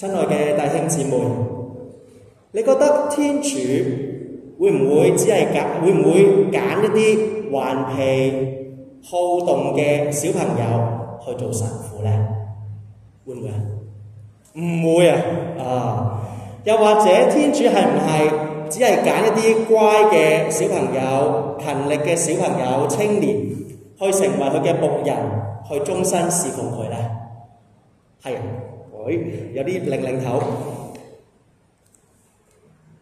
親愛嘅弟兄姊妹，你覺得天主會唔會只係揀，會唔會揀一啲頑皮好動嘅小朋友去做神父咧？會唔會啊？唔會啊！啊！又或者天主係唔係只係揀一啲乖嘅小朋友、勤力嘅小朋友、青年去成為佢嘅僕人，去終身侍奉佢咧？係啊。佢有啲零零頭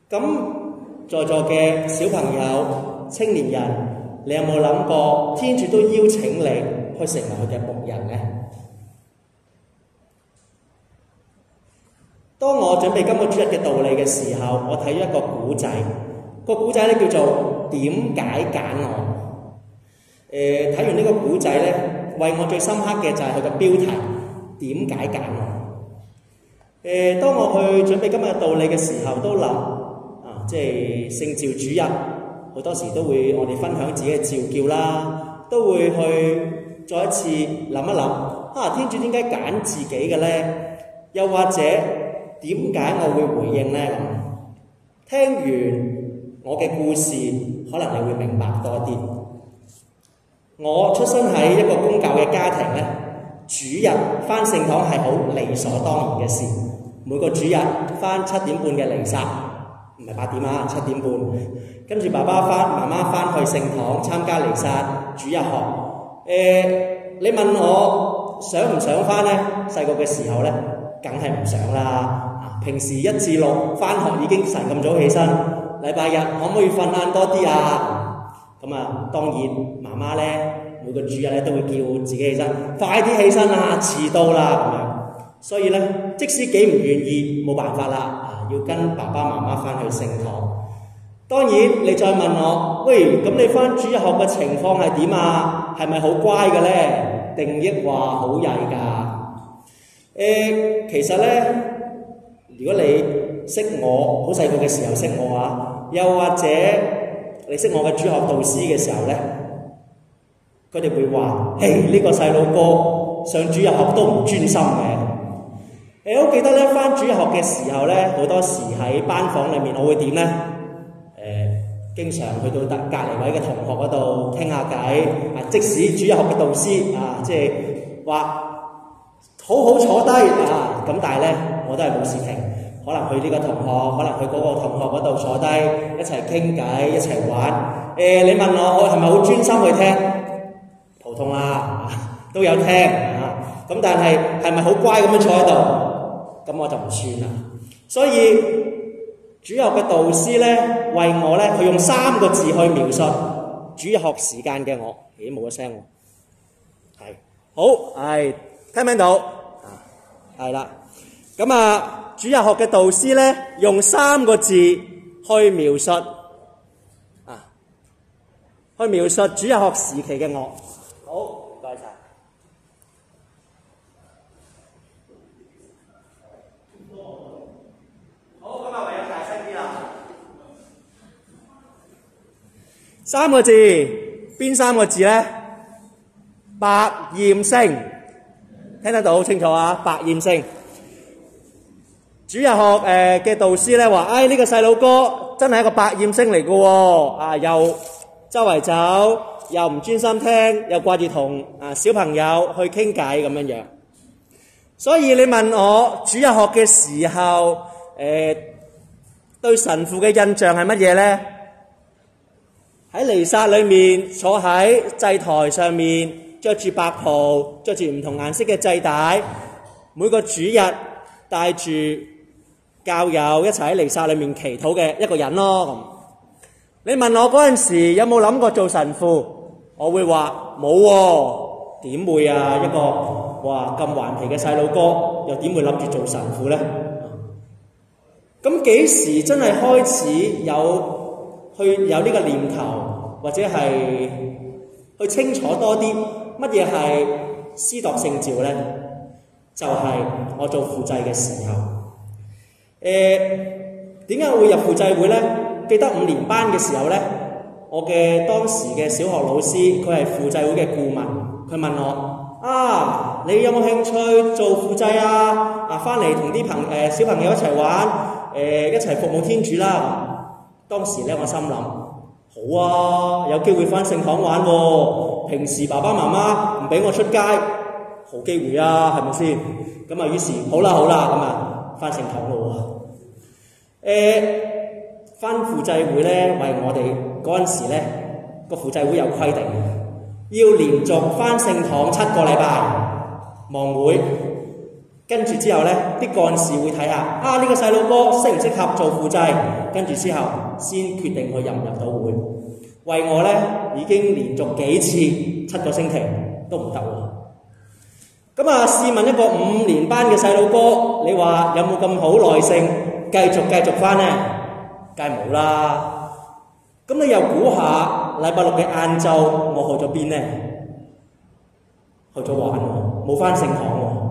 咁，在座嘅小朋友、青年人，你有冇諗過天主都邀請你去成為佢嘅牧人咧？當我準備今個主日嘅道理嘅時候，我睇咗一個古仔，個古仔咧叫做《點解揀我》。誒，睇完呢個古仔咧，為我最深刻嘅就係佢嘅標題《點解揀我》。誒，當我去準備今日道理嘅時候，都諗啊，即係聖召主任，好多時都會我哋分享自己嘅召叫啦，都會去再一次諗一諗，啊，天主點解揀自己嘅咧？又或者點解我會回應咧？咁聽完我嘅故事，可能你會明白多啲。我出生喺一個公教嘅家庭咧。主日翻聖堂係好理所當然嘅事，每個主日翻七點半嘅彌撒，唔係八點啊，七點半。跟住爸爸翻，媽媽翻去聖堂參加彌撒，主日學。誒，你問我想唔想翻呢？細個嘅時候呢，梗係唔想啦。平時一至六翻學已經晨咁早起身，禮拜日可唔可以瞓晏多啲啊？咁啊，當然媽媽呢。每個主日咧都會叫自己起身，快啲起身啦，遲到啦咁樣。所以咧，即使幾唔願意，冇辦法啦，啊，要跟爸爸媽媽翻去聖堂。當然，你再問我，喂，咁你翻主學嘅情況係點啊？係咪好乖嘅咧？定抑話好曳噶？誒，其實咧，如果你識我，好細個嘅時候識我啊，又或者你識我嘅主學導師嘅時候咧？佢哋會話：誒呢個細路哥上主日學都唔專心嘅。誒，我記得咧，返主日學嘅時候咧，好多時喺班房裡面，我會點咧？誒，經常去到隔隔離位嘅同學嗰度傾下偈。啊，即使主日學嘅導師啊，即係話好好坐低啊，咁但係咧，我都係冇事情。可能去呢個同學，可能去嗰個同學嗰度坐低一齊傾偈，一齊玩。誒，你問我我係咪好專心去聽？通啦，都有聽啊。咁但係係咪好乖咁樣坐喺度？咁我就唔算啦。所以主日學嘅導師咧，為我咧，佢用三個字去描述主日學時間嘅我。咦，冇聲喎，係好，係聽唔聽到？係啦。咁啊，主日學嘅導師咧，用三個字去描述啊，去描述主日學時期嘅我。三個字，邊三個字咧？百厭星，聽得到好清楚啊！百厭星，主日學誒嘅導師咧話，哎呢、這個細路哥真係一個百厭星嚟嘅。哦，喎啊！又周圍走，又唔專心聽，又掛住同啊小朋友去傾偈咁樣樣。所以你問我主日學嘅時候，誒、呃、對神父嘅印象係乜嘢咧？喺彌撒裏面坐喺祭台上面，着住白袍，着住唔同顏色嘅祭帶，每個主日帶住教友一齊喺彌撒裏面祈禱嘅一個人咯。咁你問我嗰陣時有冇諗過做神父，我會話冇喎。點會啊？一個哇咁頑皮嘅細路哥，又點會諗住做神父咧？咁幾時真係開始有？去有呢個念頭，或者係去清楚多啲乜嘢係司鐸聖召呢？就係、是、我做輔祭嘅時候。誒、呃，點解會入輔祭會呢？記得五年班嘅時候呢，我嘅當時嘅小學老師，佢係輔祭會嘅顧問，佢問我：啊，你有冇興趣做輔祭啊？啊，返嚟同啲朋誒小朋友一齊玩，誒、呃、一齊服務天主啦！當時咧，我心諗好啊，有機會返聖堂玩喎。平時爸爸媽媽唔俾我出街，好機會啦，係咪先？咁啊，於是好啦好啦咁啊，返聖堂咯喎。誒，返輔祭會咧，為我哋嗰陣時咧，個輔祭會有規定嘅，要連續返聖堂七個禮拜，望會。跟住之後呢啲幹事會睇下，啊呢個細佬哥適唔適合做輔祭？跟住之後先決定佢入唔入到會。為我呢，已經連續幾次七個星期都唔得喎。咁、嗯、啊，試問一個五年班嘅細佬哥，你話有冇咁好耐性繼續繼續翻呢？梗係冇啦。咁、嗯、你又估下禮拜六嘅晏晝，我去咗邊呢？去咗玩喎，冇翻聖堂喎。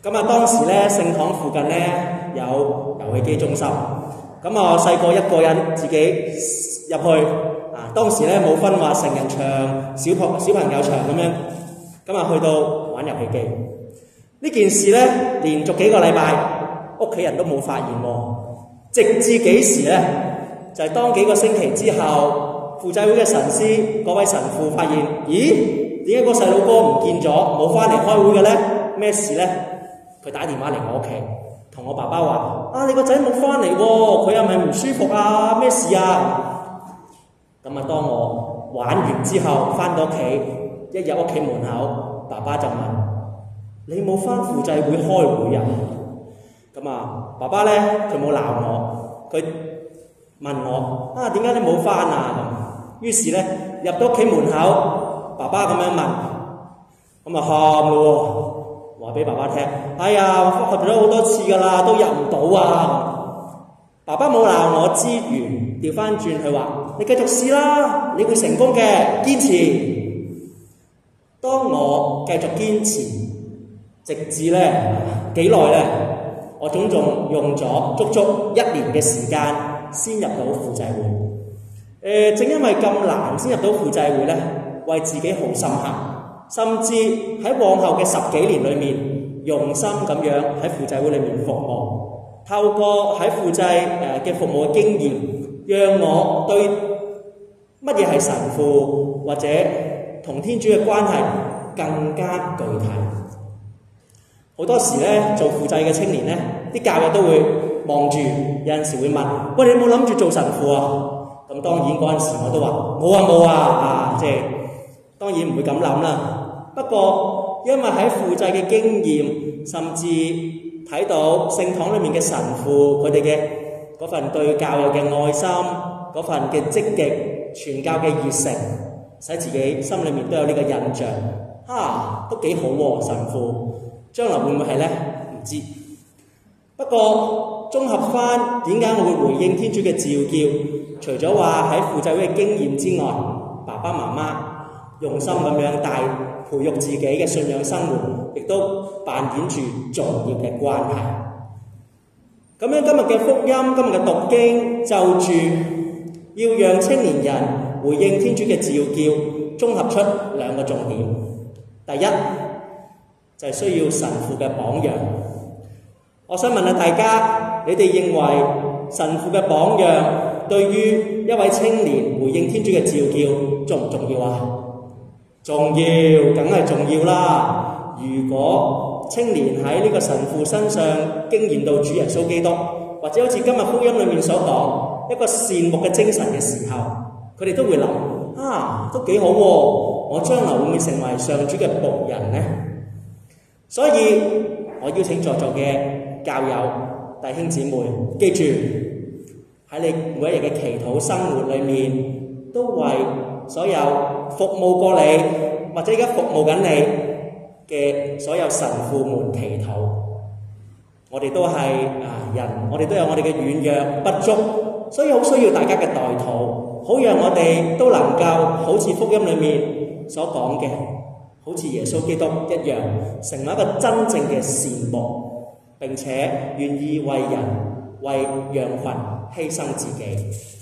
咁啊！當時咧，聖堂附近咧有遊戲機中心。咁啊，細個一個人自己入去啊。當時咧冇分話成人場、小朋小朋友場咁樣。咁啊，去到玩遊戲機呢件事咧，連續幾個禮拜屋企人都冇發現喎。直至幾時咧？就係、是、當幾個星期之後，輔祭會嘅神師嗰位神父發現，咦？點解個細路哥唔見咗，冇翻嚟開會嘅咧？咩事咧？佢打電話嚟我屋企，同我爸爸話：啊，你個仔冇返嚟喎，佢係咪唔舒服啊？咩事啊？咁啊，當我玩完之後返到屋企，一入屋企門口，爸爸就問：嗯、你冇返輔祭會開會啊？咁啊，爸爸呢佢冇鬧我，佢問我：啊，點解你冇返啊？咁，於是呢入到屋企門口，爸爸咁樣問，咁啊，喊咯喎！話俾爸爸聽，哎呀，我學咗好多次噶啦，都入唔到啊！爸爸冇鬧我之餘，調翻轉佢話：「你繼續試啦，你會成功嘅，堅持。當我繼續堅持，直至咧幾耐咧，我總仲用咗足足一年嘅時間先入到輔祭會。誒、呃，正因為咁難先入到輔祭會咧，為自己好深刻。甚至喺往後嘅十幾年裏面，用心咁樣喺輔祭會裏面服務，透過喺輔祭誒嘅服務經驗，讓我對乜嘢係神父或者同天主嘅關係更加具體。好多時咧，做輔祭嘅青年咧，啲教友都會望住，有陣時會問：喂，你有冇諗住做神父啊？咁當然嗰陣時我都話冇啊冇啊啊！即係當然唔會咁諗啦。不過，因為喺輔祭嘅經驗，甚至睇到聖堂裏面嘅神父佢哋嘅嗰份對教育嘅愛心，嗰份嘅積極傳教嘅熱誠，使自己心裏面都有呢個印象，嚇都幾好喎，啊！神父將來會唔會係呢？唔知。不過綜合返點解我會回應天主嘅召叫，除咗話喺輔祭會嘅經驗之外，爸爸媽媽。用心咁樣帶培育自己嘅信仰生活，亦都扮演住重要嘅關係。咁樣今日嘅福音，今日嘅讀經，就住要讓青年人回應天主嘅召叫，綜合出兩個重點。第一就係需要神父嘅榜樣。我想問下大家，你哋認為神父嘅榜樣對於一位青年回應天主嘅召叫重唔重要呀？重要，梗係重要啦！如果青年喺呢個神父身上經驗到主耶穌基督，或者好似今日福音裡面所講，一個善牧嘅精神嘅時候，佢哋都會諗啊，都幾好喎！我將來會唔會成為上主嘅僕人呢？所以，我邀請在座嘅教友、弟兄姊妹，記住喺你每一日嘅祈禱生活裡面，都為所有服務過你或者而家服務緊你嘅所有神父們祈禱，我哋都係啊人，我哋都有我哋嘅軟弱不足，所以好需要大家嘅代禱，好讓我哋都能夠好似福音裡面所講嘅，好似耶穌基督一樣，成為一個真正嘅善牧，並且願意為人為羊羣犧牲自己。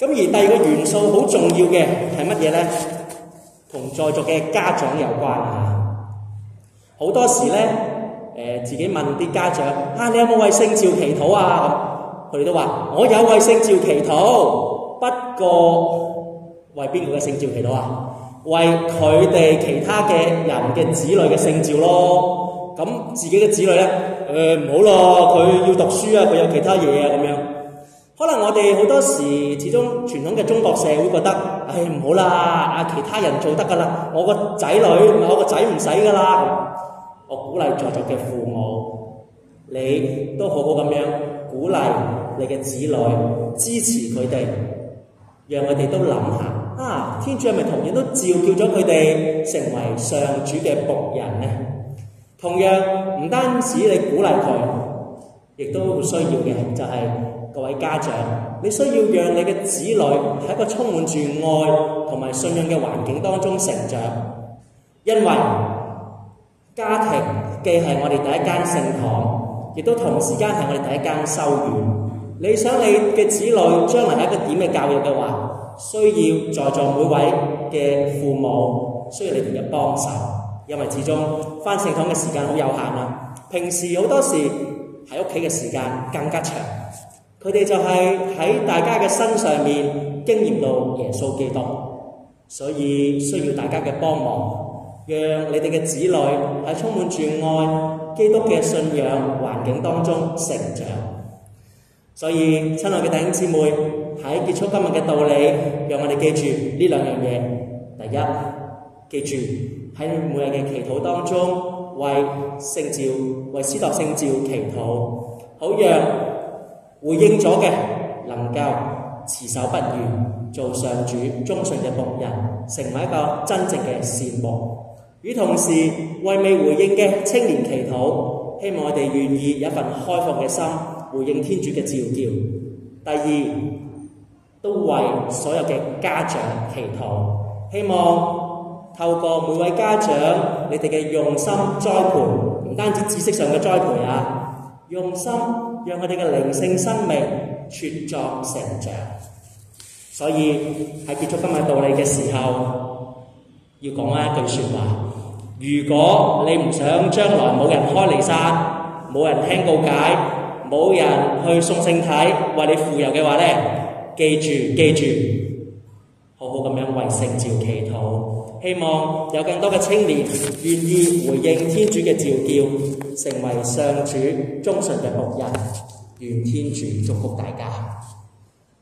咁而第二個元素好重要嘅係乜嘢咧？同在座嘅家長有關啊！好多時咧，誒自己問啲家長：啊，你有冇為聖召祈禱啊？咁佢哋都話：我有為聖召祈禱，不過為邊個嘅聖召祈禱啊？為佢哋其他嘅人嘅子女嘅聖召咯。咁自己嘅子女咧，誒唔好咯，佢要讀書啊，佢有其他嘢啊咁樣。可能我哋好多時，始終傳統嘅中國社會，會覺得，唉唔好啦，啊其他人做得㗎啦，我個仔女，我個仔唔使㗎啦。我鼓勵在座嘅父母，你都好好咁樣鼓勵你嘅子女，支持佢哋，讓佢哋都諗下啊，天主係咪同樣都召叫咗佢哋成為上主嘅僕人呢？同樣唔單止你鼓勵佢，亦都好需要嘅就係、是。各位家長，你需要讓你嘅子女喺一個充滿住愛同埋信任嘅環境當中成長，因為家庭既係我哋第一間聖堂，亦都同時間係我哋第一間修院。你想你嘅子女將來係一個點嘅教育嘅話，需要在座每位嘅父母需要你哋嘅幫手，因為始終返聖堂嘅時間好有限啊，平時好多時喺屋企嘅時間更加長。佢哋就係喺大家嘅身上面經驗到耶穌基督，所以需要大家嘅幫忙，讓你哋嘅子女喺充滿住愛基督嘅信仰環境當中成長。所以親愛嘅弟兄姊妹喺結束今日嘅道理，讓我哋記住呢兩樣嘢。第一，記住喺每日嘅祈禱當中為聖召，為司鐸聖召祈禱，好讓，回應咗嘅，能夠持守不渝，做上主忠信嘅僕人，成為一個真正嘅善牧；與同時為未回應嘅青年祈禱，希望我哋願意有一份開放嘅心回應天主嘅召叫。第二，都為所有嘅家長祈禱，希望透過每位家長，你哋嘅用心栽培，唔單止知識上嘅栽培啊，用心。讓我哋嘅靈性生命茁壯成長，所以喺結束今日道理嘅時候，要講一句說話：如果你唔想將來冇人開彌撒，冇人聽告解，冇人去送聖體為你傅油嘅話咧，記住記住，好好咁樣為聖召祈禱。希望有更多嘅青年願意回應天主嘅召叫，成為上主忠信嘅僕人。願天主祝福大家。